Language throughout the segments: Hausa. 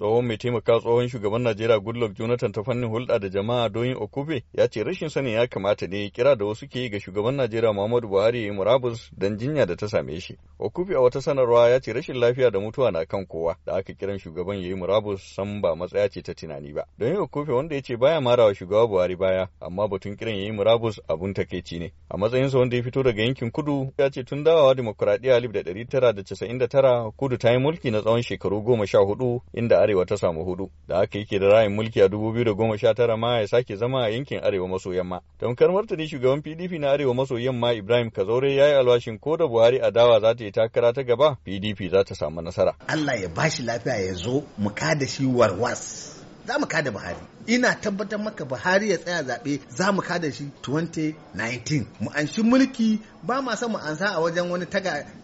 tsohon mai taimaka tsohon shugaban najeriya goodluck jonathan ta fannin hulɗa da jama'a don yin okube ya ce rashin sanin ya kamata ne kira da wasu ke ga shugaban najeriya muhammadu buhari ya murabus don jinya da ta same shi okube a wata sanarwa ya ce rashin lafiya da mutuwa na kan kowa da aka kiran shugaban ya yi murabus san ba matsaya ce ta tunani ba Don yin okube wanda ya ce baya mara wa shugaba buhari baya amma batun kiran ya yi murabus abun takeici ne a matsayinsa wanda ya fito daga yankin kudu ya ce tun dawowa dimokuraɗiyya alif da ɗari tara da casa'in da tara kudu ta yi mulki na tsawon shekaru goma sha hudu inda arewa ta samu hudu da aka yi da rayin mulki a 2019 ma ya sake zama a yankin arewa maso yamma tamkar martani shugaban pdp na arewa maso yamma ibrahim kazaure ya yi alwashin ko da buhari adawa za ta yi takara ta gaba pdp za ta samu nasara allah ya bashi lafiya ya zo mu kada shi warwas za mu kada buhari ina tabbatar maka buhari ya tsaya zaɓe za mu kada shi 2019 mu anshi mulki ba ma son mu ansa a wajen wani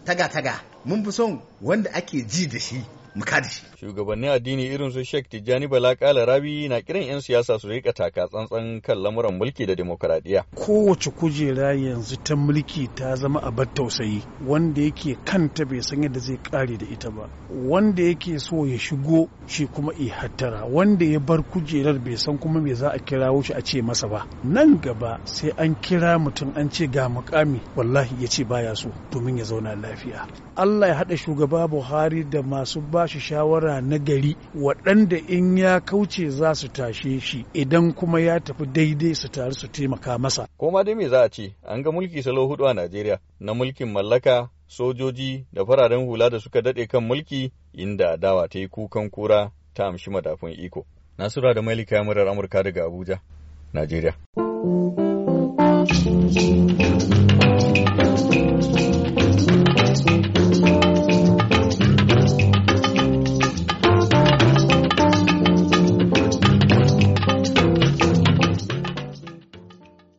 taga taga mun fi son wanda ake ji da shi mu kada shi shugabannin addini irin su Sheikh Tijjani Bala Kala Rabi na kiran yan siyasa su rika taka tsantsan kan lamuran mulki da demokuraɗiyya. kowace kujera yanzu ta mulki ta zama a bar tausayi wanda yake kanta bai san yadda zai kare da ita ba wanda yake so ya shigo shi kuma i hattara wanda ya bar kujerar bai san kuma me za a kirawo shi a ce masa ba nan gaba sai an kira mutum an ce ga mukami wallahi ya ce baya so domin ya zauna lafiya Allah ya haɗa shugaba Buhari da masu ba shi shawara na gari waɗanda in ya kauce za su tashe shi idan kuma ya tafi daidai su taru su taimaka masa. Koma dai me za a ce an ga mulki salo hudu a Najeriya na mulkin mallaka sojoji da fararen hula da suka daɗe kan mulki inda dawa ta yi kukan kura ta amshi madafun iko. Nasura da Malika murar Amurka daga Abuja, Najeriya.